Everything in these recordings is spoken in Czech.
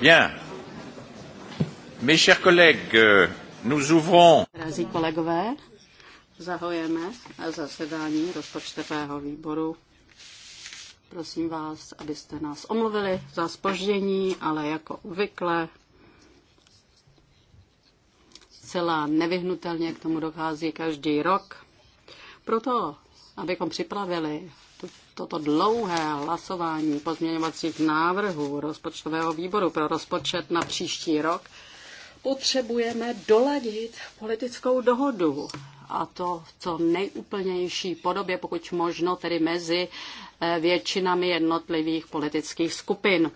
Bien. Mes chers collègues, euh, nous ouvrons. Drazí kolegové, zahojeme zasedání rozpočtového výboru. Prosím vás, abyste nás omluvili za spoždění, ale jako obvykle celá nevyhnutelně k tomu dochází každý rok. Proto, abychom připravili toto dlouhé hlasování pozměňovacích návrhů rozpočtového výboru pro rozpočet na příští rok potřebujeme doladit politickou dohodu a to v co nejúplnější podobě, pokud možno tedy mezi eh, většinami jednotlivých politických skupin.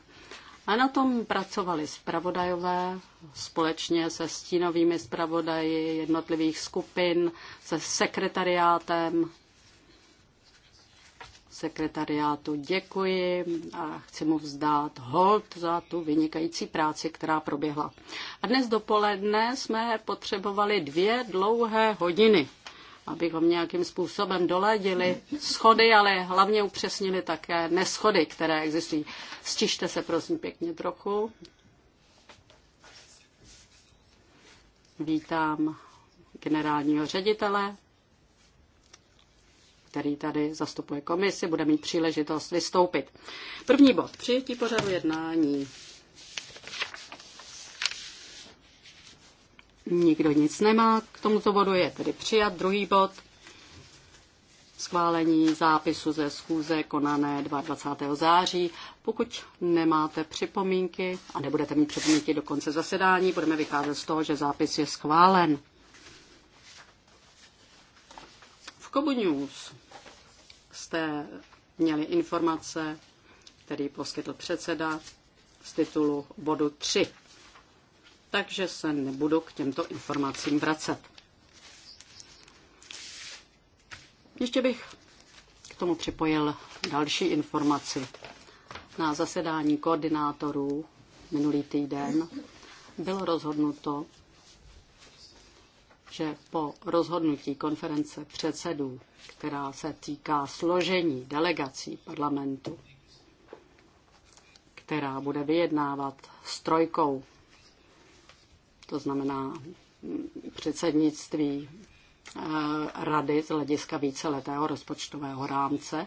A na tom pracovali zpravodajové společně se stínovými zpravodaji jednotlivých skupin, se sekretariátem, sekretariátu děkuji a chci mu vzdát hold za tu vynikající práci, která proběhla. A dnes dopoledne jsme potřebovali dvě dlouhé hodiny, abychom nějakým způsobem doladili schody, ale hlavně upřesnili také neschody, které existují. Stište se prosím pěkně trochu. Vítám generálního ředitele který tady zastupuje komisi, bude mít příležitost vystoupit. První bod. Přijetí pořadu jednání. Nikdo nic nemá. K tomuto bodu je tedy přijat druhý bod. Schválení zápisu ze schůze konané 22. září. Pokud nemáte připomínky a nebudete mít připomínky do konce zasedání, budeme vycházet z toho, že zápis je schválen. V Kobu News jste měli informace, který poskytl předseda z titulu bodu 3. Takže se nebudu k těmto informacím vracet. Ještě bych k tomu připojil další informaci. Na zasedání koordinátorů minulý týden bylo rozhodnuto, že po rozhodnutí konference předsedů, která se týká složení delegací parlamentu, která bude vyjednávat s trojkou, to znamená předsednictví eh, rady z hlediska víceletého rozpočtového rámce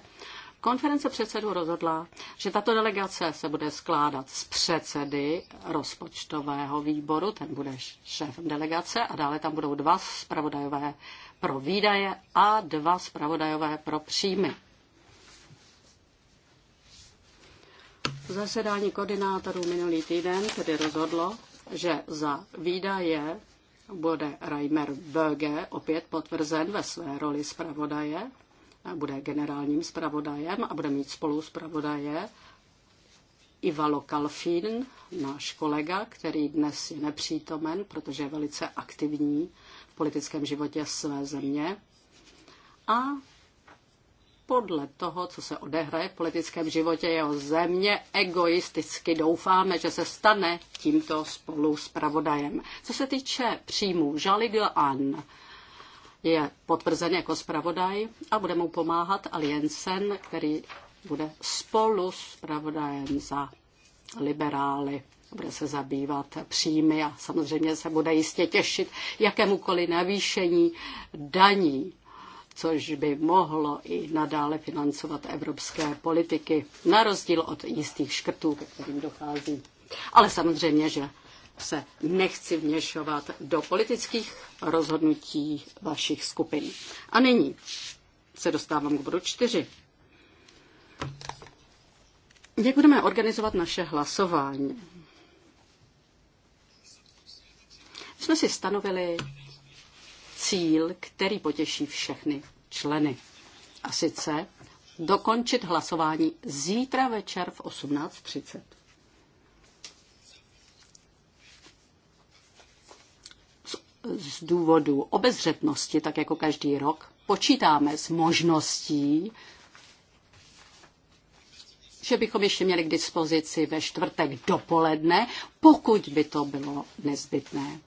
Konference předsedů rozhodla, že tato delegace se bude skládat z předsedy rozpočtového výboru, ten bude šéfem delegace a dále tam budou dva zpravodajové pro výdaje a dva zpravodajové pro příjmy. Zasedání koordinátorů minulý týden tedy rozhodlo, že za výdaje bude Reimer Böge opět potvrzen ve své roli zpravodaje bude generálním zpravodajem a bude mít spolu zpravodaje Ivalo Kalfín, náš kolega, který dnes je nepřítomen, protože je velice aktivní v politickém životě své země. A podle toho, co se odehraje v politickém životě jeho země, egoisticky doufáme, že se stane tímto spolu s pravodajem. Co se týče příjmu Žaligl An, je potvrzen jako zpravodaj a bude mu pomáhat Aliensen, který bude spolu s pravodajem za liberály. Bude se zabývat příjmy a samozřejmě se bude jistě těšit jakémukoliv navýšení daní což by mohlo i nadále financovat evropské politiky, na rozdíl od jistých škrtů, ke kterým dochází. Ale samozřejmě, že se nechci vměšovat do politických rozhodnutí vašich skupin. A nyní se dostávám k bodu čtyři. Jak budeme organizovat naše hlasování? My jsme si stanovili cíl, který potěší všechny členy. A sice dokončit hlasování zítra večer v 18.30. z důvodu obezřetnosti, tak jako každý rok, počítáme s možností, že bychom ještě měli k dispozici ve čtvrtek dopoledne, pokud by to bylo nezbytné.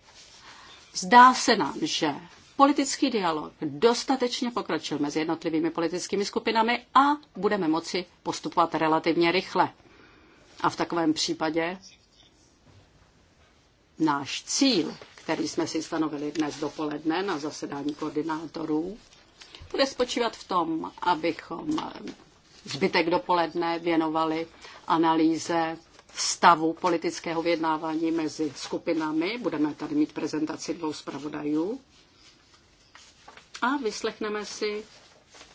Zdá se nám, že politický dialog dostatečně pokročil mezi jednotlivými politickými skupinami a budeme moci postupovat relativně rychle. A v takovém případě náš cíl který jsme si stanovili dnes dopoledne na zasedání koordinátorů, bude spočívat v tom, abychom zbytek dopoledne věnovali analýze stavu politického vyjednávání mezi skupinami. Budeme tady mít prezentaci dvou zpravodajů. A vyslechneme si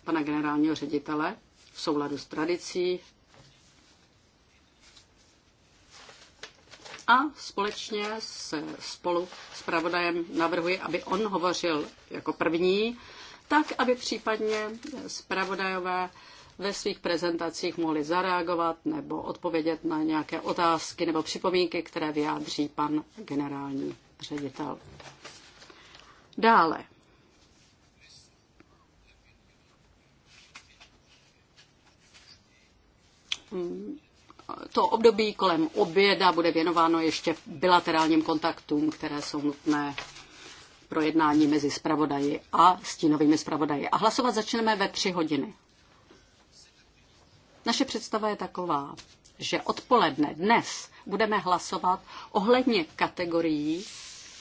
pana generálního ředitele v souladu s tradicí a společně s spolu s pravodajem navrhuji, aby on hovořil jako první, tak aby případně zpravodajové ve svých prezentacích mohli zareagovat nebo odpovědět na nějaké otázky nebo připomínky, které vyjádří pan generální ředitel. Dále. Hmm to období kolem oběda bude věnováno ještě bilaterálním kontaktům, které jsou nutné pro jednání mezi zpravodaji a stínovými zpravodaji. A hlasovat začneme ve tři hodiny. Naše představa je taková, že odpoledne dnes budeme hlasovat ohledně kategorií,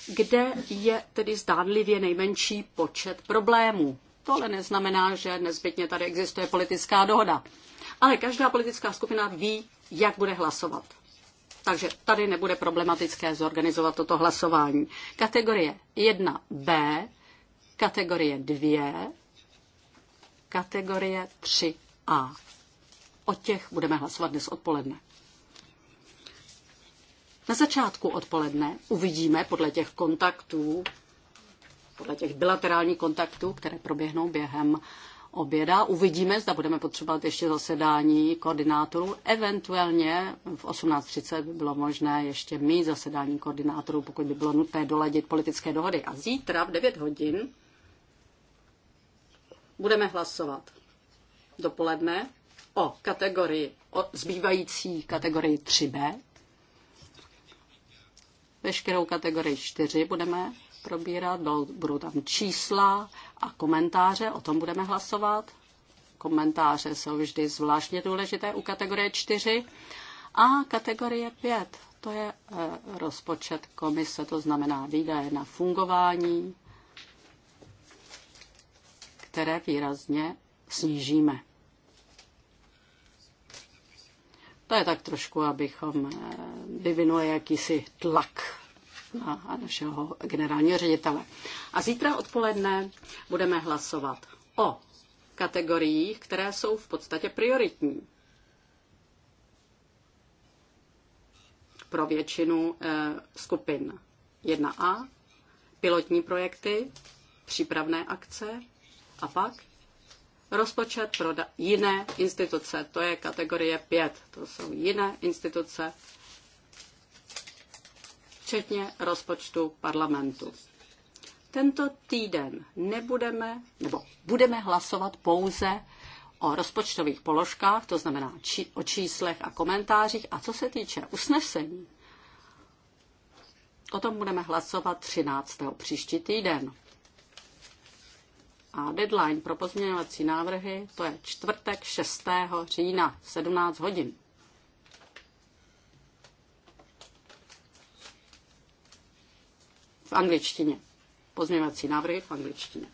kde je tedy zdánlivě nejmenší počet problémů. To ale neznamená, že nezbytně tady existuje politická dohoda. Ale každá politická skupina ví, jak bude hlasovat. Takže tady nebude problematické zorganizovat toto hlasování. Kategorie 1b, kategorie 2, kategorie 3a. O těch budeme hlasovat dnes odpoledne. Na začátku odpoledne uvidíme podle těch kontaktů, těch bilaterálních kontaktů, které proběhnou během oběda. Uvidíme, zda budeme potřebovat ještě zasedání koordinátorů. Eventuálně v 18.30 by bylo možné ještě mít zasedání koordinátorů, pokud by bylo nutné doladit politické dohody. A zítra v 9 hodin budeme hlasovat dopoledne o kategorii, o zbývající kategorii 3B. Veškerou kategorii 4 budeme probírat, budou tam čísla a komentáře, o tom budeme hlasovat. Komentáře jsou vždy zvláštně důležité u kategorie 4. A kategorie 5, to je eh, rozpočet komise, to znamená výdaje na fungování, které výrazně snížíme. To je tak trošku, abychom eh, vyvinuli jakýsi tlak na a našeho generálního ředitele. A zítra odpoledne budeme hlasovat o kategoriích, které jsou v podstatě prioritní pro většinu eh, skupin 1A, pilotní projekty, přípravné akce a pak rozpočet pro jiné instituce. To je kategorie 5. To jsou jiné instituce včetně rozpočtu parlamentu. Tento týden nebudeme, nebo budeme hlasovat pouze o rozpočtových položkách, to znamená či, o číslech a komentářích. A co se týče usnesení, o tom budeme hlasovat 13. příští týden. A deadline pro pozměňovací návrhy to je čtvrtek 6. října 17 hodin. v angličtině. Pozměňovací návrhy v angličtině.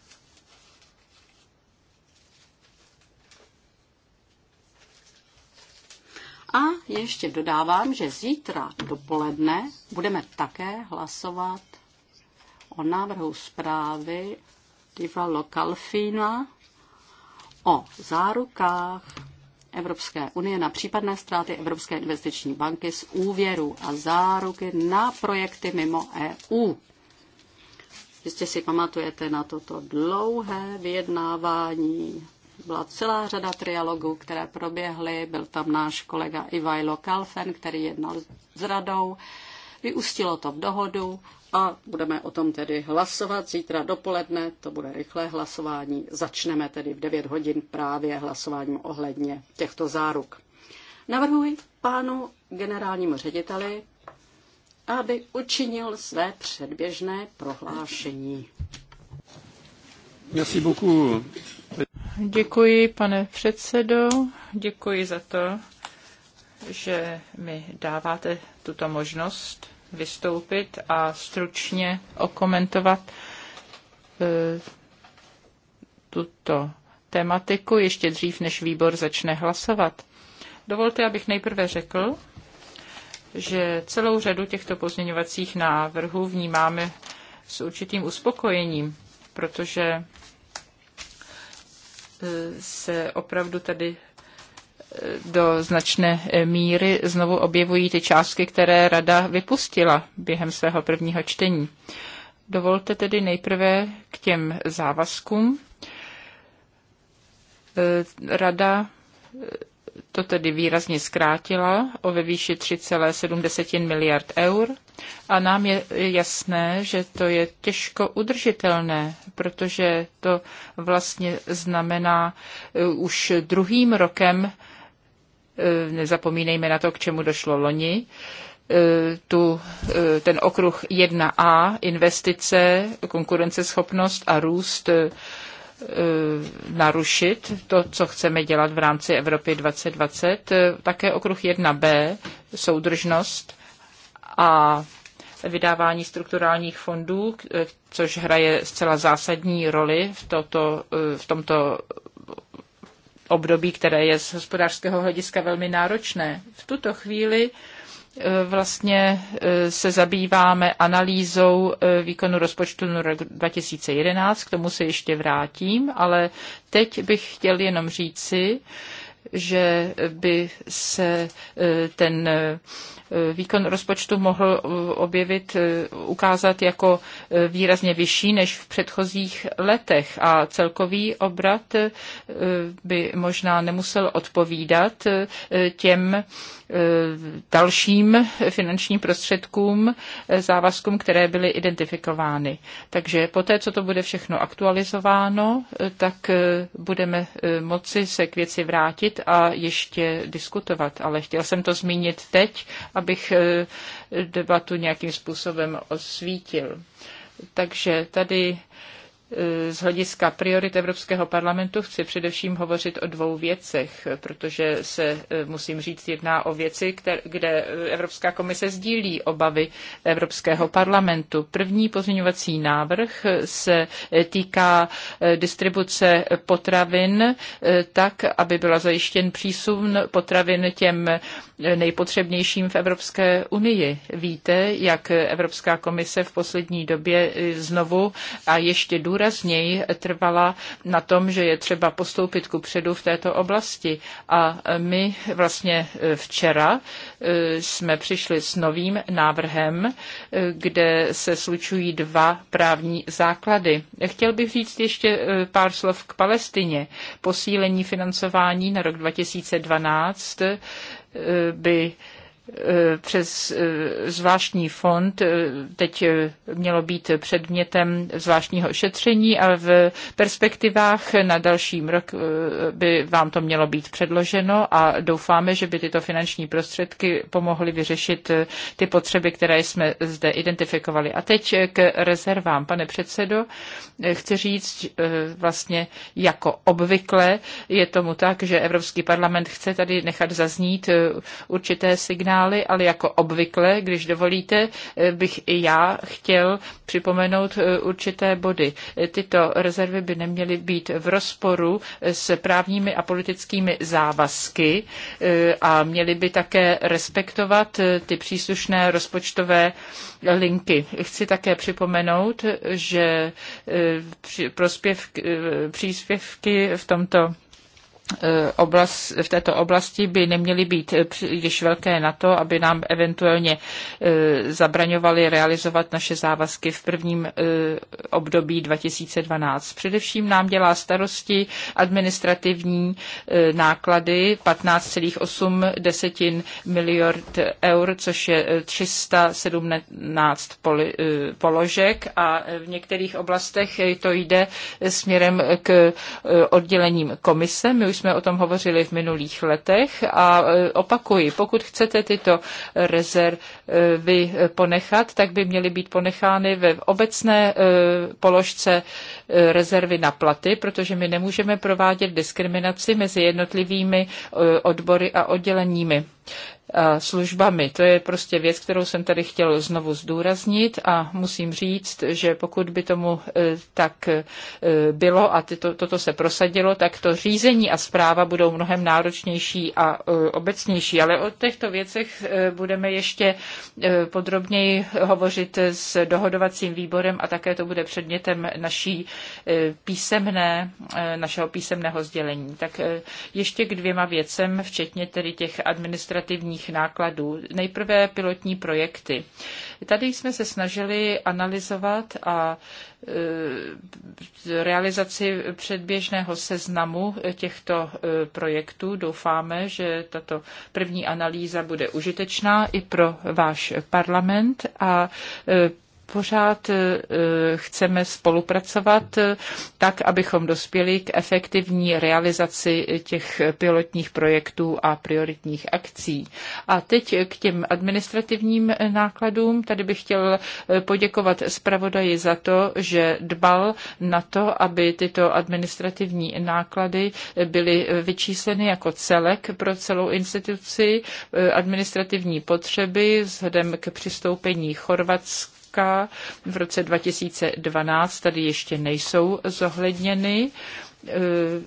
A ještě dodávám, že zítra dopoledne budeme také hlasovat o návrhu zprávy Diva Lokalfina o zárukách Evropské unie na případné ztráty Evropské investiční banky z úvěru a záruky na projekty mimo EU. Jistě si pamatujete na toto dlouhé vyjednávání. Byla celá řada trialogů, které proběhly. Byl tam náš kolega Ivajlo Kalfen, který jednal s radou. Vyustilo to v dohodu a budeme o tom tedy hlasovat zítra dopoledne. To bude rychlé hlasování. Začneme tedy v 9 hodin právě hlasováním ohledně těchto záruk. Navrhuji pánu generálnímu řediteli, aby učinil své předběžné prohlášení. Merci beaucoup. Děkuji, pane předsedo. Děkuji za to, že mi dáváte tuto možnost vystoupit a stručně okomentovat e, tuto tématiku ještě dřív, než výbor začne hlasovat. Dovolte, abych nejprve řekl, že celou řadu těchto pozměňovacích návrhů vnímáme s určitým uspokojením, protože e, se opravdu tady e, do značné míry znovu objevují ty částky, které rada vypustila během svého prvního čtení. Dovolte tedy nejprve k těm závazkům. E, rada to tedy výrazně zkrátila o ve výši 3,7 miliard eur a nám je jasné, že to je těžko udržitelné, protože to vlastně znamená eh, už druhým rokem, eh, nezapomínejme na to, k čemu došlo loni, eh, tu, ten okruh 1a, investice, konkurenceschopnost a růst Eh, narušit to, co chceme dělat v rámci Evropy 2020. Eh, také okruh 1b, soudržnost a vydávání strukturálních fondů, eh, což hraje zcela zásadní roli v, toto, v tomto období, které je z hospodářského hlediska velmi náročné. V tuto chvíli Eh, vlastně eh, se zabýváme analýzou eh, výkonu rozpočtu na rok 2011, k tomu se ještě vrátím, ale teď bych chtěl jenom říci, že by se ten výkon rozpočtu mohl objevit, ukázat jako výrazně vyšší než v předchozích letech a celkový obrat by možná nemusel odpovídat těm Eh, dalším finančním prostředkům, eh, závazkům, které byly identifikovány. Takže poté, co to bude všechno aktualizováno, eh, tak budeme moci se k věci vrátit a ještě diskutovat. Ale chtěl jsem to zmínit teď, abych debatu nějakým způsobem osvítil. Takže tady z hlediska priorit Evropského parlamentu chci především hovořit o dvou věcech, protože se, e, musím říct, jedná o věci, kde Evropská komise sdílí obavy Evropského parlamentu. První pozměňovací návrh se týká e, distribuce potravin e, tak, aby byla zajištěn přísun potravin těm nejpotřebnějším v Evropské unii. Víte, jak Evropská komise v poslední době znovu a ještě důrazně důrazněji trvala na tom, že je třeba postoupit ku předu v této oblasti. A my vlastně eh, včera eh, jsme přišli s novým návrhem, eh, kde se slučují dva právní základy. Chtěl bych říct ještě pár slov k Palestině. Posílení financování na rok 2012 by Eh, přes eh, zvláštní fond eh, teď mělo být předmětem zvláštního šetření a v perspektivách na dalším rok by vám to mělo být předloženo a doufáme, že by tyto finanční prostředky pomohly vyřešit ty potřeby, které jsme zde identifikovali. A teď k rezervám. Pane předsedo, chci říct vlastně jako obvykle je tomu tak, že Evropský parlament chce tady nechat zaznít určité signály, signály, ale jako obvykle, když dovolíte, eh, bych i já chtěl připomenout eh, určité body. Eh, tyto rezervy by neměly být v rozporu s právními a politickými závazky a měly by také respektovat ty příslušné rozpočtové linky. Chci také připomenout, že prospěvky, příspěvky v tomto Eh, oblast, v této oblasti by neměly být příliš velké na to, aby nám eventuálně eh, zabraňovaly realizovat naše závazky v prvním eh, období 2012. Především nám dělá starosti administrativní náklady 15,8 desetin miliard eur, což je 317 položek a v některých oblastech to jde směrem k oddělením komise. My už jsme o tom hovořili v minulých letech a e, opakuji, pokud chcete tyto rezervy e, ponechat, tak by měly být ponechány ve obecné e, položce rezervy na platy, protože my nemůžeme provádět diskriminaci mezi jednotlivými odbory a odděleními službami. To je prostě věc, kterou jsem tady chtěl znovu zdůraznit a musím říct, že pokud by tomu e, tak e, bylo a tyto, toto se prosadilo, tak to řízení a zpráva budou mnohem náročnější a e, obecnější. Ale o těchto věcech budeme ještě podrobněji hovořit s dohodovacím výborem a také to bude předmětem naší písemné, našeho písemného sdělení. Tak ještě k dvěma věcem, včetně tedy těch administrativních externích nákladů. Nejprve pilotní projekty. Tady jsme se snažili analyzovat a e, realizaci předběžného seznamu těchto e, projektů. Doufáme, že tato první analýza bude užitečná i pro váš parlament a e, pořád eh, chceme spolupracovat eh, tak, abychom dospěli k efektivní realizaci těch pilotních projektů a prioritních akcí. A teď k těm administrativním nákladům. Tady bych chtěl eh, poděkovat zpravodaji za to, že dbal na to, aby tyto administrativní náklady byly vyčísleny jako celek pro celou instituci administrativní potřeby vzhledem k přistoupení Chorvatska Norska v roce 2012 tady ještě nejsou zohledněny e,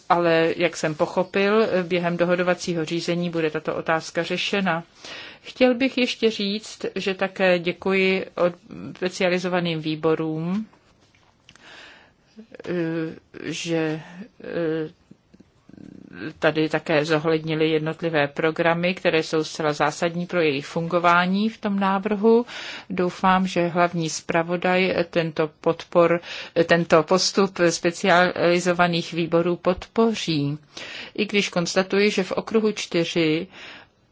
ale jak jsem pochopil, během dohodovacího řízení bude tato otázka řešena. Chtěl bych ještě říct, že také děkuji od specializovaným výborům, e, že e, tady také zohlednili jednotlivé programy, které jsou zcela zásadní pro jejich fungování v tom návrhu. Doufám, že hlavní zpravodaj tento, podpor, tento postup specializovaných výborů podpoří. I když konstatuji, že v okruhu čtyři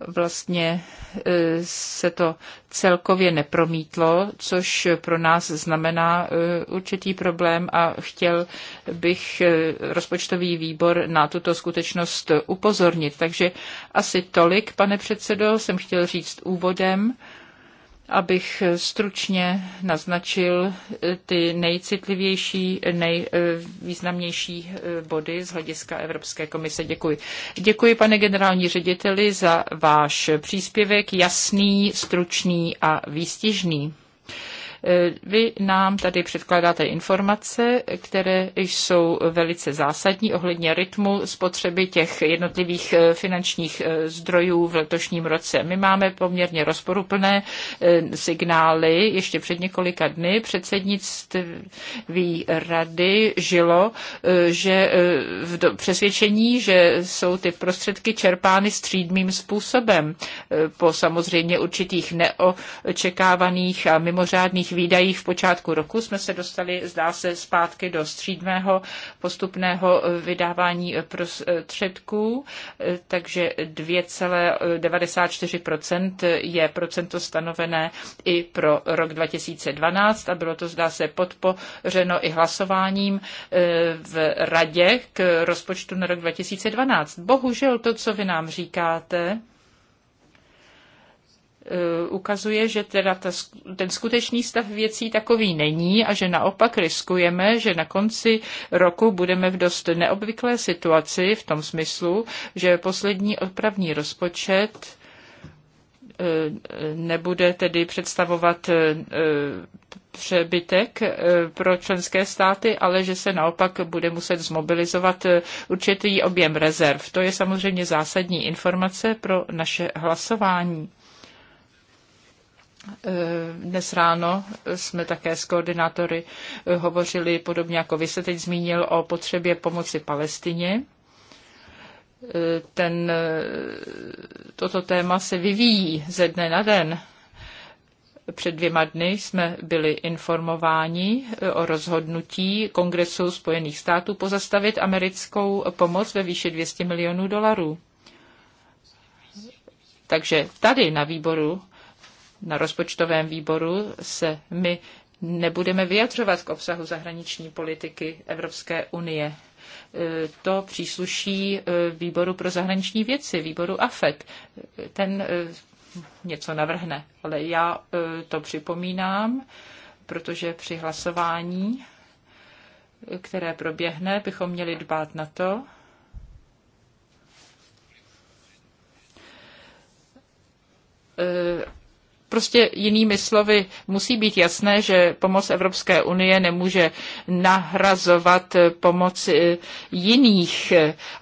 vlastně e, se to celkově nepromítlo, což pro nás znamená e, určitý problém a chtěl bych e, rozpočtový výbor na tuto skutečnost upozornit. Takže asi tolik, pane předsedo, jsem chtěl říct úvodem abych stručně naznačil eh, ty nejcitlivější, nejvýznamnější eh, body z hlediska Evropské komise. Děkuji. Děkuji, pane generální řediteli, za váš příspěvek, jasný, stručný a výstižný. Eh, vy nám tady předkládáte informace, které jsou velice zásadní ohledně rytmu spotřeby těch jednotlivých eh, finančních eh, zdrojů v letošním roce. My máme poměrně rozporuplné signály. Ještě před několika dny předsednictví rady žilo, že v přesvědčení, že jsou ty prostředky čerpány střídmým způsobem po samozřejmě určitých neočekávaných a mimořádných výdajích v počátku roku jsme se dostali, zdá se, zpátky do střídmého postupného vydávání prostředků, takže 2,94% je procento stanovené i pro rok 2012 a bylo to, zdá se, podpořeno i hlasováním eh, v radě k rozpočtu na rok 2012. Bohužel to, co vy nám říkáte, Eh, ukazuje, že teda ta, ten skutečný stav věcí takový není a že naopak riskujeme, že na konci roku budeme v dost neobvyklé situaci v tom smyslu, že poslední opravní rozpočet eh, nebude tedy představovat eh, přebytek pro členské státy, ale že se naopak bude muset zmobilizovat určitý objem rezerv. To je samozřejmě zásadní informace pro naše hlasování. Eh, dnes ráno jsme také s koordinátory eh, hovořili, podobně jako vy se teď zmínil, o potřebě pomoci Palestině. Eh, ten, toto téma se vyvíjí ze dne na den. Před dvěma dny jsme byli informováni o rozhodnutí Kongresu Spojených států pozastavit americkou pomoc ve výši 200 milionů dolarů. Takže tady na výboru na rozpočtovém výboru se my nebudeme vyjadřovat k obsahu zahraniční politiky Evropské unie. E, to přísluší e, výboru pro zahraniční věci, výboru AFET. E, ten něco navrhne, ale já to připomínám, protože při hlasování, které proběhne, bychom měli dbát na to, Prostě jinými slovy, musí být jasné, že pomoc Evropské unie nemůže nahrazovat pomoc eh, jiných.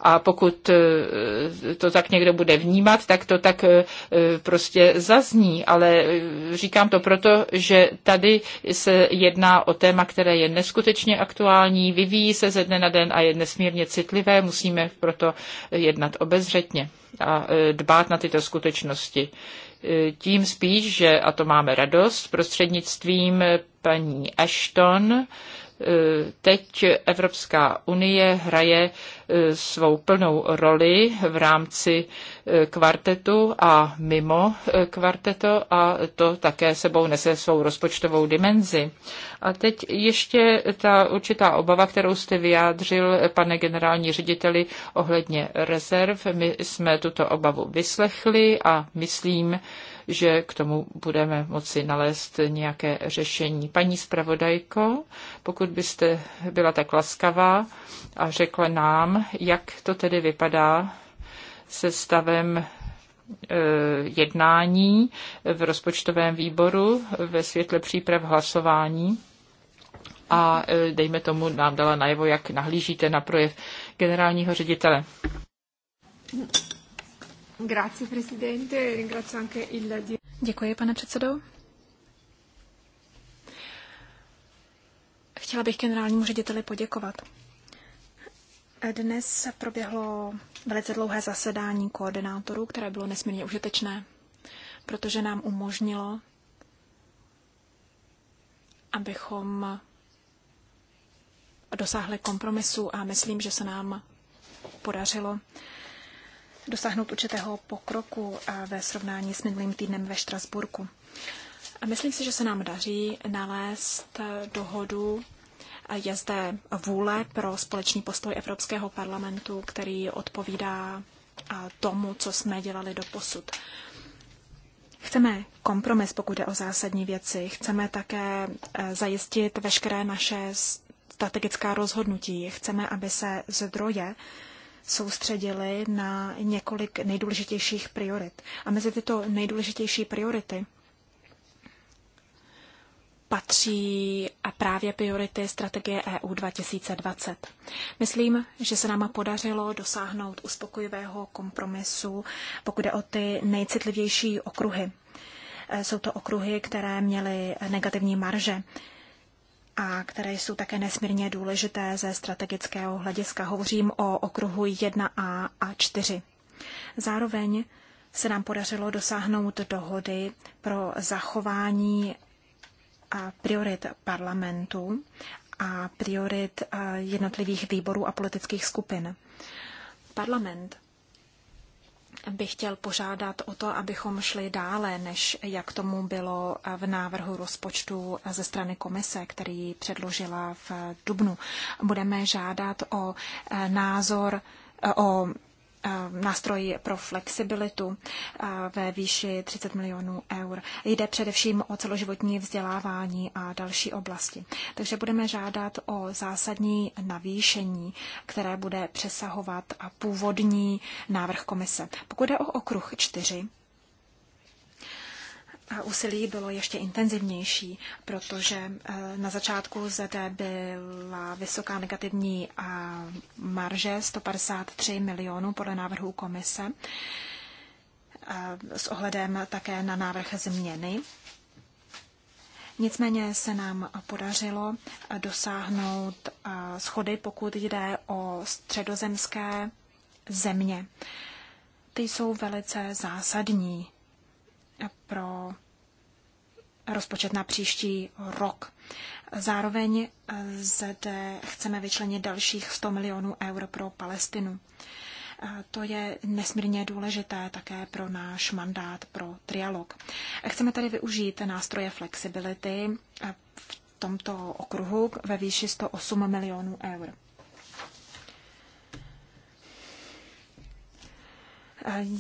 A pokud eh, to tak někdo bude vnímat, tak to tak eh, prostě zazní. Ale říkám to proto, že tady se jedná o téma, které je neskutečně aktuální, vyvíjí se ze dne na den a je nesmírně citlivé. Musíme proto jednat obezřetně a dbát na tyto skutečnosti tím spíš, že, a to máme radost, prostřednictvím paní Ashton E, teď Evropská unie hraje e, svou plnou roli v rámci e, kvartetu a mimo kvarteto a to také sebou nese svou rozpočtovou dimenzi. A teď ještě ta určitá obava, kterou jste vyjádřil, pane generální řediteli, ohledně rezerv. My jsme tuto obavu vyslechli a myslím, že k tomu budeme moci nalézt nějaké řešení. Paní zpravodajko, pokud byste byla tak laskavá a řekla nám, jak to tedy vypadá se stavem e, jednání v rozpočtovém výboru ve světle příprav hlasování a e, dejme tomu nám dala najevo, jak nahlížíte na projev generálního ředitele. Grazie, presidente. Ringrazio anche il... Děkuji, pane předsedo. Chtěla bych generálnímu řediteli poděkovat. Dnes proběhlo velice dlouhé zasedání koordinátorů, které bylo nesmírně užitečné, protože nám umožnilo, abychom dosáhli kompromisu a myslím, že se nám podařilo dosáhnout určitého pokroku eh, ve srovnání s minulým týdnem ve Štrasburku. A myslím si, že se nám daří nalézt eh, dohodu. Eh, je zde vůle pro společný postoj Evropského parlamentu, který odpovídá tomu, co jsme dělali do posud. Chceme kompromis, pokud jde o zásadní věci. Chceme také zajistit veškeré naše strategická rozhodnutí. Chceme, aby se zdroje soustředili na několik nejdůležitějších priorit. A mezi tyto nejdůležitější priority patří a právě priority strategie EU 2020. Myslím, že se nám podařilo dosáhnout uspokojivého kompromisu, pokud jde o ty nejcitlivější okruhy. E, jsou to okruhy, které měly negativní marže a které jsou také nesmírně důležité ze strategického hlediska. Hovořím o okruhu 1a a 4. Zároveň se nám podařilo dosáhnout dohody pro zachování priorit parlamentu a priorit jednotlivých výborů a politických skupin. Parlament bych chtěl požádat o to, abychom šli dále, než jak tomu bylo v návrhu rozpočtu ze strany komise, který předložila v Dubnu. Budeme žádat o eh, názor eh, o Eh, nástroj pro flexibilitu eh, ve výši 30 milionů eur. Jde především o celoživotní vzdělávání a další oblasti. Takže budeme žádat o zásadní navýšení, které bude přesahovat původní návrh komise. Pokud je o okruh 4, úsilí bylo ještě intenzivnější, protože eh, na začátku zde byla vysoká negativní eh, marže 153 milionů podle návrhu komise eh, s ohledem také na návrh změny. Nicméně se nám podařilo dosáhnout schody, pokud jde o středozemské země. Ty jsou velice zásadní pro rozpočet na příští rok. Zároveň zde chceme vyčlenit dalších 100 milionů eur pro Palestinu. To je nesmírně důležité také pro náš mandát pro trialog. Chceme tady využít nástroje flexibility v tomto okruhu ve výši 108 milionů eur.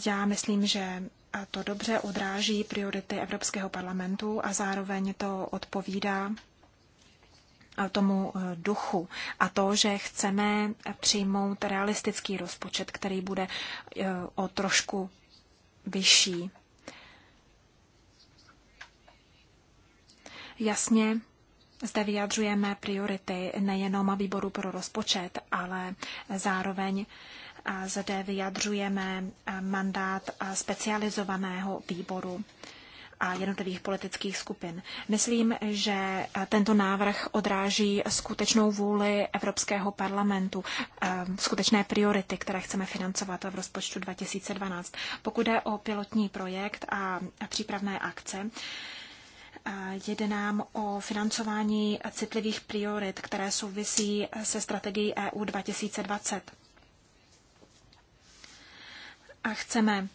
Já myslím, že a to dobře odráží priority Evropského parlamentu a zároveň to odpovídá eh, tomu eh, duchu a to, že chceme přijmout realistický rozpočet, který bude eh, o trošku vyšší. Jasně zde vyjadřujeme priority nejenom výboru pro rozpočet, ale zároveň zde vyjadřujeme mandát specializovaného výboru a jednotlivých politických skupin. Myslím, že tento návrh odráží skutečnou vůli Evropského parlamentu, skutečné priority, které chceme financovat v rozpočtu 2012. Pokud jde o pilotní projekt a přípravné akce, Jde nám o financování citlivých priorit, které souvisí se strategií EU 2020. A chceme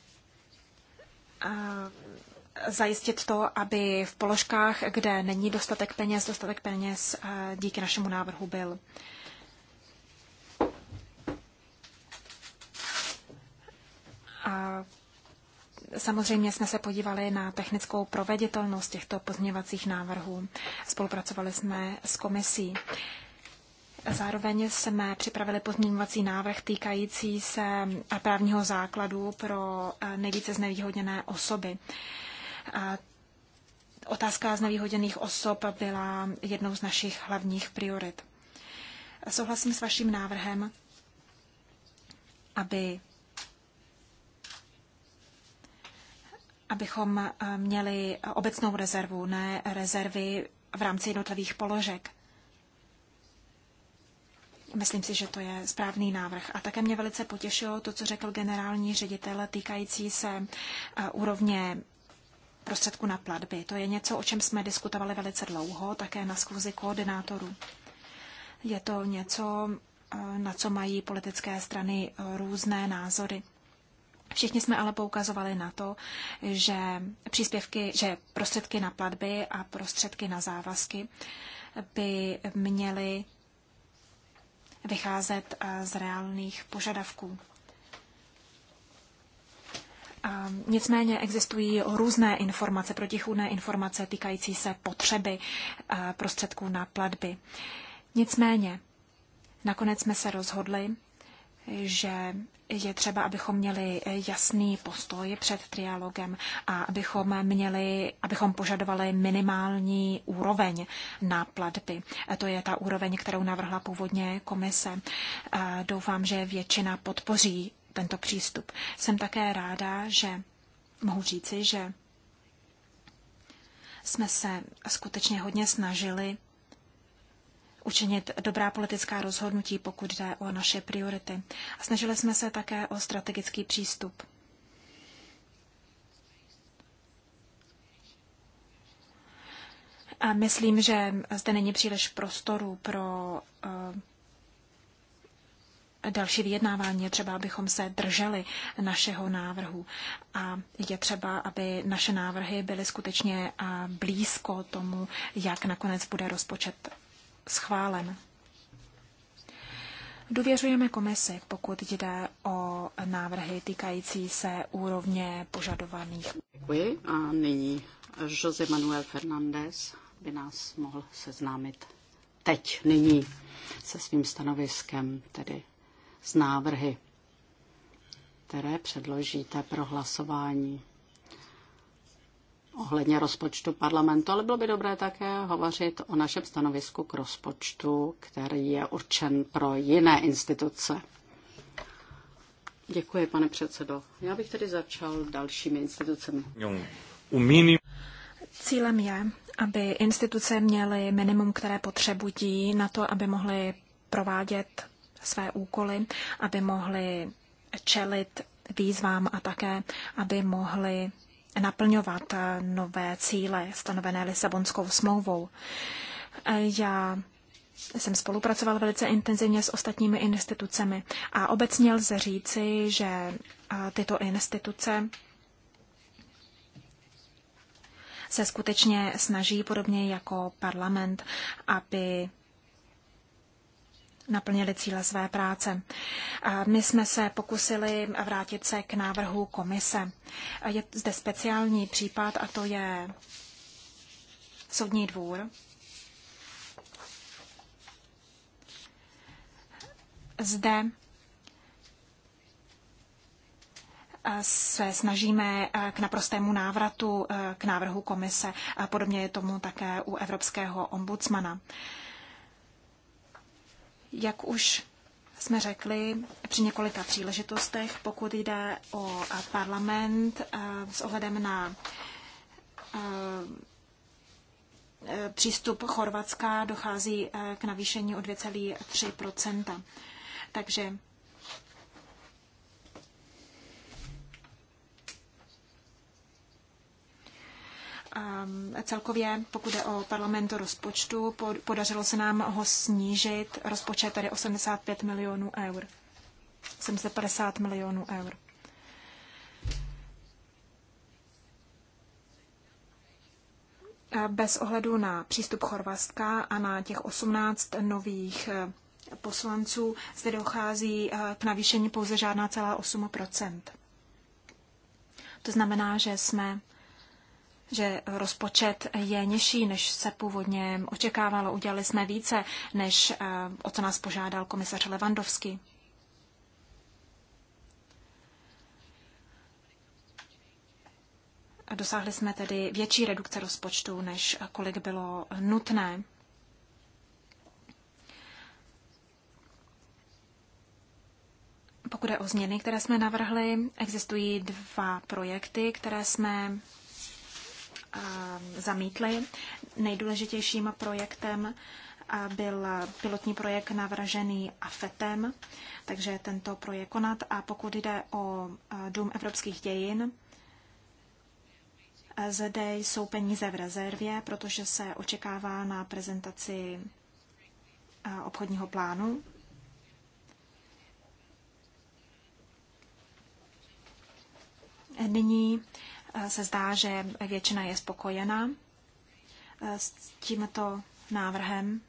zajistit to, aby v položkách, kde není dostatek peněz, dostatek peněz díky našemu návrhu byl. A Samozřejmě jsme se podívali na technickou proveditelnost těchto pozměvacích návrhů. Spolupracovali jsme s komisí. Zároveň jsme připravili pozměňovací návrh týkající se právního základu pro eh, nejvíce znevýhodněné osoby. Otázka znevýhodněných osob byla jednou z našich hlavních priorit. Souhlasím s vaším návrhem, aby abychom eh, měli obecnou rezervu, ne rezervy v rámci jednotlivých položek. Myslím si, že to je správný návrh. A také mě velice potěšilo to, co řekl generální ředitel týkající se eh, úrovně prostředku na platby. To je něco, o čem jsme diskutovali velice dlouho, také na schůzi koordinátorů. Je to něco, eh, na co mají politické strany různé názory. Všichni jsme ale poukazovali na to, že příspěvky, že prostředky na platby a prostředky na závazky by měly vycházet eh, z reálných požadavků. A nicméně existují různé informace, protichůdné informace týkající se potřeby eh, prostředků na platby. Nicméně, nakonec jsme se rozhodli, že je třeba, abychom měli jasný postoj před trialogem a abychom, měli, abychom požadovali minimální úroveň na platby. To je ta úroveň, kterou navrhla původně komise. Doufám, že většina podpoří tento přístup. Jsem také ráda, že mohu říci, že jsme se skutečně hodně snažili učinit dobrá politická rozhodnutí, pokud jde o naše priority. A snažili jsme se také o strategický přístup. A myslím, že zde není příliš prostoru pro eh, další vyjednávání. Je třeba, abychom se drželi našeho návrhu. A je třeba, aby naše návrhy byly skutečně eh, blízko tomu, jak nakonec bude rozpočet schválen. Důvěřujeme komisi, pokud jde o návrhy týkající se úrovně požadovaných. Děkuji a nyní Jose Manuel Fernández by nás mohl seznámit teď, nyní, se svým stanoviskem, tedy z návrhy, které předložíte pro hlasování ohledně rozpočtu parlamentu, ale bylo by dobré také hovořit o našem stanovisku k rozpočtu, který je určen pro jiné instituce. Děkuji, pane předsedo. Já bych tedy začal dalšími institucemi. Cílem je, aby instituce měly minimum, které potřebují na to, aby mohly provádět své úkoly, aby mohly čelit výzvám a také, aby mohly naplňovat eh, nové cíle stanovené Lisabonskou smlouvou. Eh, já jsem spolupracoval velice intenzivně s ostatními institucemi a obecně lze říci, že eh, tyto instituce se skutečně snaží podobně jako parlament, aby naplnili cíle své práce. My jsme se pokusili vrátit se k návrhu komise. Je zde speciální případ a to je soudní dvůr. Zde se snažíme k naprostému návratu k návrhu komise. Podobně je tomu také u evropského ombudsmana. Jak už jsme řekli při několika příležitostech, pokud jde o eh, parlament eh, s ohledem na eh, přístup Chorvatska, dochází k navýšení o 2,3 Takže celkově, pokud jde o parlamentu rozpočtu, podařilo se nám ho snížit, rozpočet tady 85 milionů eur. 750 milionů eur. Bez ohledu na přístup Chorvatska a na těch 18 nových eh, poslanců zde dochází eh, k navýšení pouze žádná celá 8 To znamená, že jsme že rozpočet je nižší, než se původně očekávalo. Udělali jsme více, než eh, o co nás požádal komisař Levandovský. Dosáhli jsme tedy větší redukce rozpočtu, než eh, kolik bylo nutné. Pokud je o změny, které jsme navrhli, existují dva projekty, které jsme zamítli. Nejdůležitějším projektem byl pilotní projekt navražený AFETem, takže tento projekt konat. A pokud jde o Dům evropských dějin, zde jsou peníze v rezervě, protože se očekává na prezentaci obchodního plánu. Nyní se zdá, že většina je spokojená e, s tímto návrhem.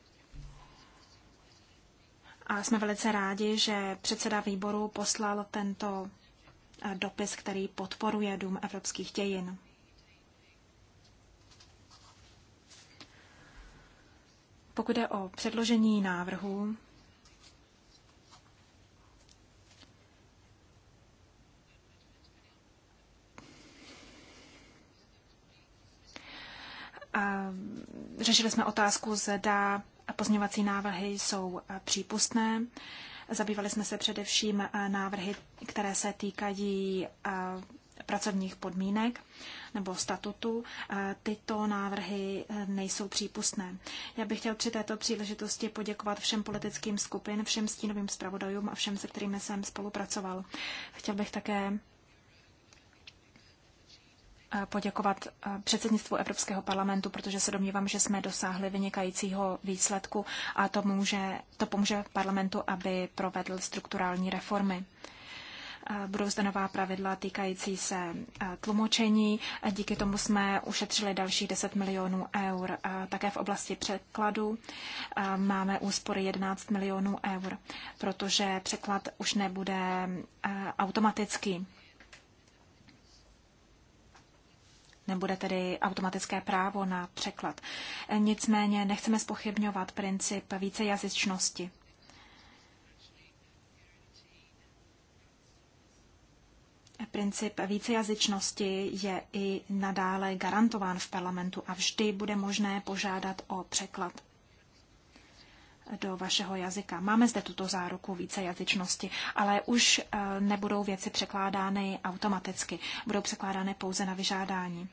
A jsme velice rádi, že předseda výboru poslal tento e, dopis, který podporuje Dům evropských dějin. Pokud je o předložení návrhu, Řešili jsme otázku, zda pozměňovací návrhy jsou e, přípustné. Zabývali jsme se především e, návrhy, které se týkají e, pracovních podmínek nebo statutu. Tyto návrhy nejsou přípustné. Já bych chtěl při této příležitosti poděkovat všem politickým skupin, všem stínovým zpravodajům a všem, se kterými jsem spolupracoval. Chtěl bych také Eh, poděkovat eh, předsednictvu Evropského parlamentu, protože se domnívám, že jsme dosáhli vynikajícího výsledku a to, může, to pomůže parlamentu, aby provedl strukturální reformy. Eh, budou zde nová pravidla týkající se tlumočení. Díky tomu jsme ušetřili dalších 10 milionů eur. Také v oblasti překladu máme úspory 11 milionů eur, protože překlad už nebude automatický nebude tedy automatické právo na překlad. E, nicméně nechceme spochybňovat princip vícejazyčnosti. Princip vícejazyčnosti je i nadále garantován v parlamentu a vždy bude možné požádat o překlad do vašeho jazyka. Máme zde tuto záruku vícejazyčnosti, ale už eh, nebudou věci překládány automaticky, budou překládány pouze na vyžádání.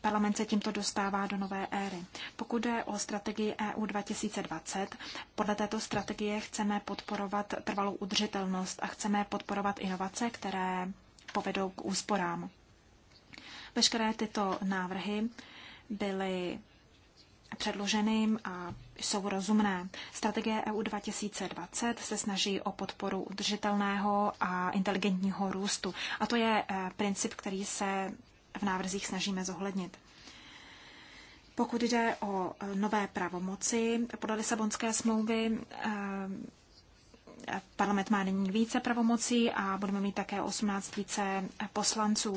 Parlament se tímto dostává do nové éry. Pokud jde o strategii EU 2020, podle této strategie chceme podporovat trvalou udržitelnost a chceme podporovat inovace, které povedou k úsporám. Veškeré tyto návrhy byly a jsou rozumné. Strategie EU 2020 se snaží o podporu udržitelného a inteligentního růstu. A to je eh, princip, který se v návrzích snažíme zohlednit. Pokud jde o eh, nové pravomoci podle Lisabonské smlouvy, eh, Parlament má nyní více pravomocí a budeme mít také 18 více poslanců.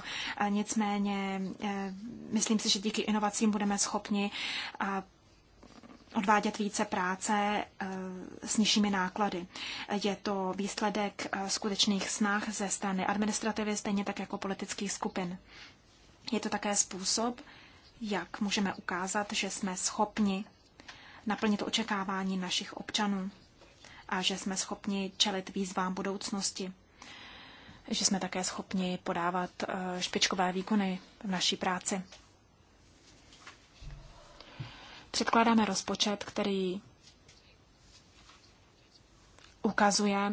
Nicméně eh, myslím si, že díky inovacím budeme schopni eh, odvádět více práce eh, s nižšími náklady. Je to výsledek skutečných snah ze strany administrativy, stejně tak jako politických skupin. Je to také způsob, jak můžeme ukázat, že jsme schopni naplnit očekávání našich občanů a že jsme schopni čelit výzvám budoucnosti. Že jsme také schopni podávat eh, špičkové výkony v naší práci. Předkládáme rozpočet, který ukazuje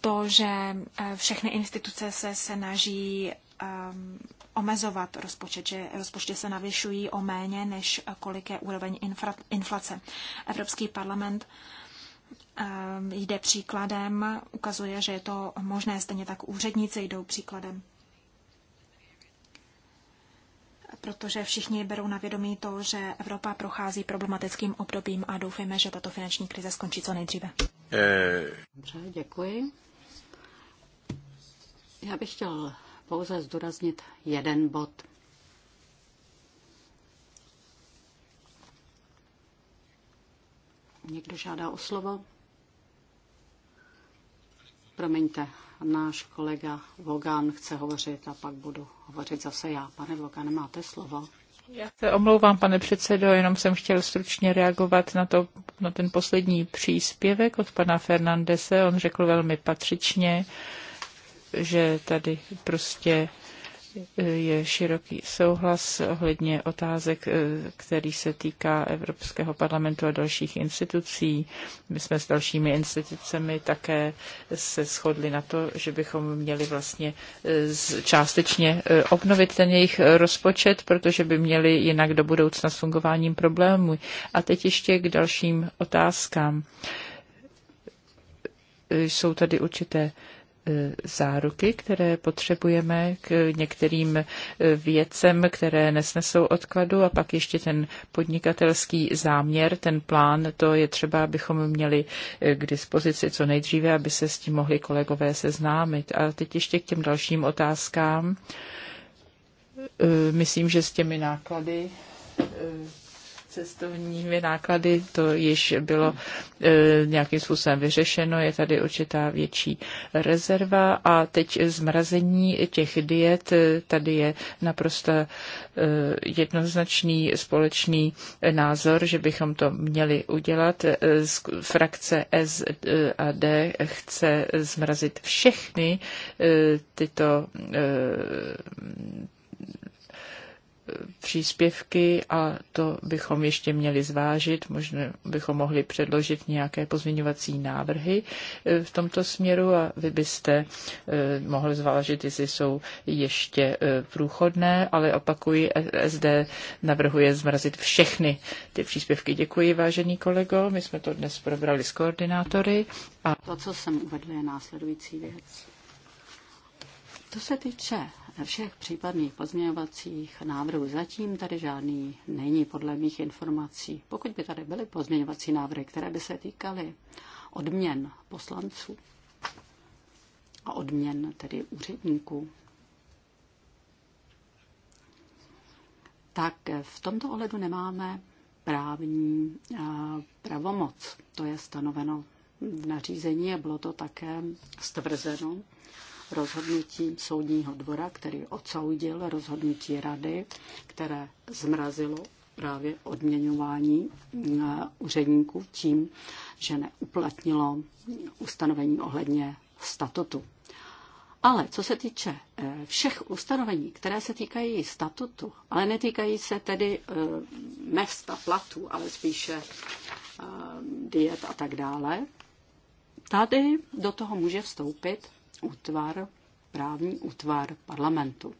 to, že eh, všechny instituce se snaží ehm, omezovat rozpočet, že rozpočty se navyšují o méně, než eh, kolik je úroveň inflace. Evropský parlament Ehm, jde příkladem, ukazuje, že je to možné, stejně tak úředníci jdou příkladem. Protože všichni berou na vědomí to, že Evropa prochází problematickým obdobím a doufejme, že tato finanční krize skončí co nejdříve. Eh. Dobře, děkuji. Já bych chtěl pouze zdůraznit jeden bod. Někdo žádá o slovo? Promiňte, náš kolega Vogan chce hovořit a pak budu hovořit zase já. Pane Vogan, máte slovo. Já se omlouvám, pane předsedo, jenom jsem chtěl stručně reagovat na, to, na ten poslední příspěvek od pana Fernandese. On řekl velmi patřičně, že tady prostě je široký souhlas ohledně otázek, eh, který se týká Evropského parlamentu a dalších institucí. My jsme s dalšími institucemi také se shodli na to, že bychom měli vlastně eh, částečně eh, obnovit ten jejich rozpočet, protože by měli jinak do budoucna s fungováním problémů. A teď ještě k dalším otázkám. Jsou tady určité E, záruky, které potřebujeme k některým e, věcem, které nesnesou odkladu a pak ještě ten podnikatelský záměr, ten plán, to je třeba, abychom měli e, k dispozici co nejdříve, aby se s tím mohli kolegové seznámit. A teď ještě k těm dalším otázkám. Myslím, že s těmi náklady cestovními náklady, to již bylo e, nějakým způsobem vyřešeno, je tady určitá větší rezerva a teď zmrazení těch diet, e, tady je naprosto e, jednoznačný společný názor, že bychom to měli udělat. E, z frakce S e, a D chce zmrazit všechny e, tyto e, příspěvky a to bychom ještě měli zvážit. Možná bychom mohli předložit nějaké pozměňovací návrhy e, v tomto směru a vy byste e, mohli zvážit, jestli jsou ještě e, průchodné, ale opakuji, SD navrhuje zmrazit všechny ty příspěvky. Děkuji, vážený kolego. My jsme to dnes probrali s koordinátory. A... To, co jsem uvedl, je následující věc to se týče všech případných pozměňovacích návrhů, zatím tady žádný není podle mých informací. Pokud by tady byly pozměňovací návrhy, které by se týkaly odměn poslanců a odměn tedy úředníků, tak v tomto ohledu nemáme právní eh, pravomoc. To je stanoveno v nařízení a bylo to také stvrzeno rozhodnutím soudního dvora, který odsoudil rozhodnutí rady, které zmrazilo právě odměňování eh, úředníků tím, že neuplatnilo ustanovení ohledně statutu. Ale co se týče eh, všech ustanovení, které se týkají statutu, ale netýkají se tedy eh, mest a platů, ale spíše diet a tak dále, tady do toho může vstoupit útvar, právní útvar parlamentu.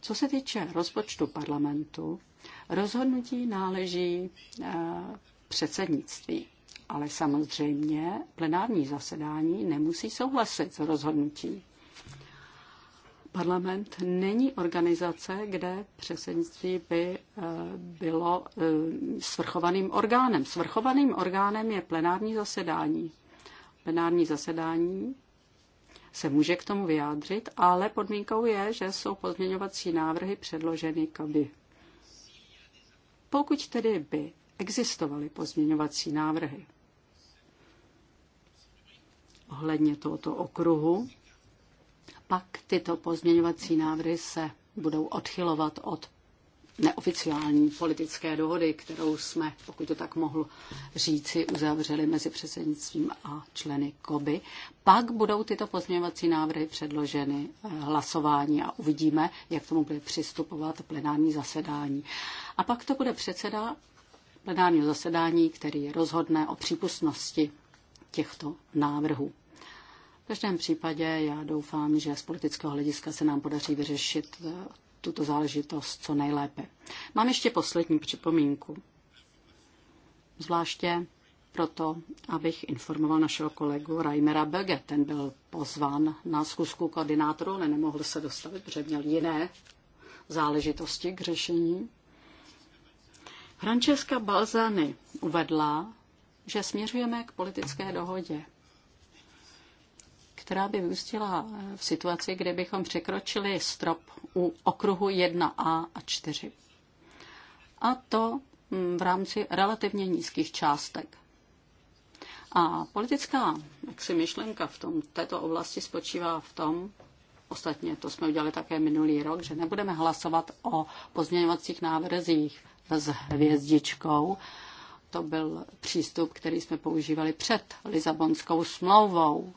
Co se týče rozpočtu parlamentu, rozhodnutí náleží eh, předsednictví. Ale samozřejmě plenární zasedání nemusí souhlasit s rozhodnutí. Parlament není organizace, kde předsednictví by eh, bylo eh, svrchovaným orgánem. Svrchovaným orgánem je plenární zasedání. Plenární zasedání se může k tomu vyjádřit, ale podmínkou je, že jsou pozměňovací návrhy předloženy KABY. Pokud tedy by existovaly pozměňovací návrhy ohledně tohoto okruhu, pak tyto pozměňovací návrhy se budou odchylovat od neoficiální politické dohody, kterou jsme, pokud to tak mohl říci, uzavřeli mezi předsednictvím a členy KOBY. Pak budou tyto pozměňovací návrhy předloženy eh, hlasování a uvidíme, jak tomu bude přistupovat plenární zasedání. A pak to bude předseda plenárního zasedání, který rozhodne o přípustnosti těchto návrhů. V každém případě já doufám, že z politického hlediska se nám podaří vyřešit eh, tuto záležitost co nejlépe. Mám ještě poslední připomínku. Zvláště proto, abych informoval našeho kolegu Reimera Böge. Ten byl pozván na zkusku koordinátoru, ale nemohl se dostavit, protože měl jiné záležitosti k řešení. Francesca Balzany uvedla, že směřujeme k politické dohodě která by vyústila eh, v situaci, kde bychom překročili strop u okruhu 1a a 4. A to hm, v rámci relativně nízkých částek. A politická jaksi myšlenka v tom, této oblasti spočívá v tom, ostatně to jsme udělali také minulý rok, že nebudeme hlasovat o pozměňovacích návrzích s hvězdičkou. To byl přístup, který jsme používali před Lisabonskou smlouvou.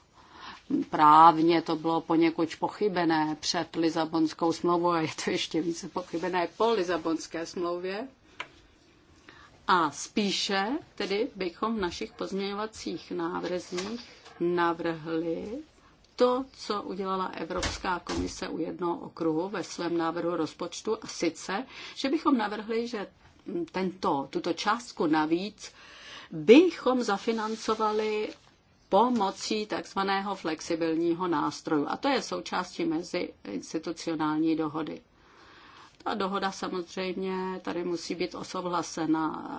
Právně to bylo poněkud pochybené před Lizabonskou smlouvou a je to ještě více pochybené po Lizabonské smlouvě. A spíše tedy bychom v našich pozměňovacích návrzích navrhli to, co udělala Evropská komise u jednoho okruhu ve svém návrhu rozpočtu, a sice, že bychom navrhli, že tento, tuto částku navíc bychom zafinancovali pomocí takzvaného flexibilního nástroju. A to je součástí mezi institucionální dohody. Ta dohoda samozřejmě tady musí být osouhlasena,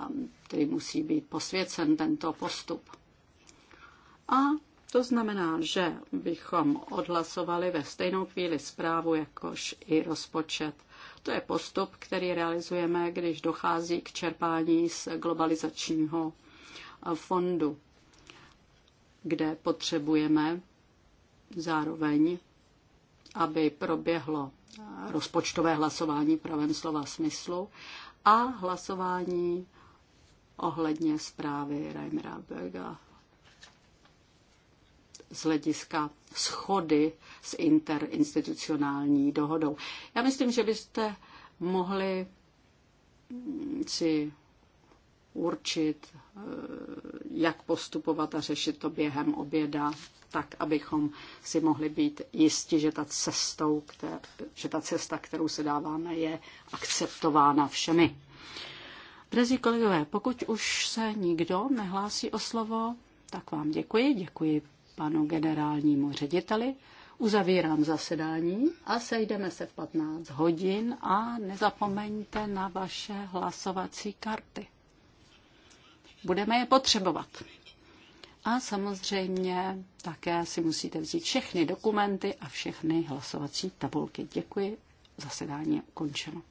tedy musí být posvěcen tento postup. A to znamená, že bychom odhlasovali ve stejnou chvíli zprávu, jakož i rozpočet. To je postup, který realizujeme, když dochází k čerpání z globalizačního fondu kde potřebujeme zároveň, aby proběhlo rozpočtové hlasování v pravém slova smyslu a hlasování ohledně zprávy Reimera Berga z hlediska schody s interinstitucionální dohodou. Já myslím, že byste mohli si určit, eh, jak postupovat a řešit to během oběda, tak, abychom si mohli být jisti, že ta, cestou, které, že ta cesta, kterou se dáváme, je akceptována všemi. Drazí kolegové, pokud už se nikdo nehlásí o slovo, tak vám děkuji. Děkuji panu generálnímu řediteli. Uzavírám zasedání a sejdeme se v 15 hodin a nezapomeňte na vaše hlasovací karty budeme je potřebovat. A samozřejmě také si musíte vzít všechny dokumenty a všechny hlasovací tabulky. Děkuji, zasedání je ukončeno.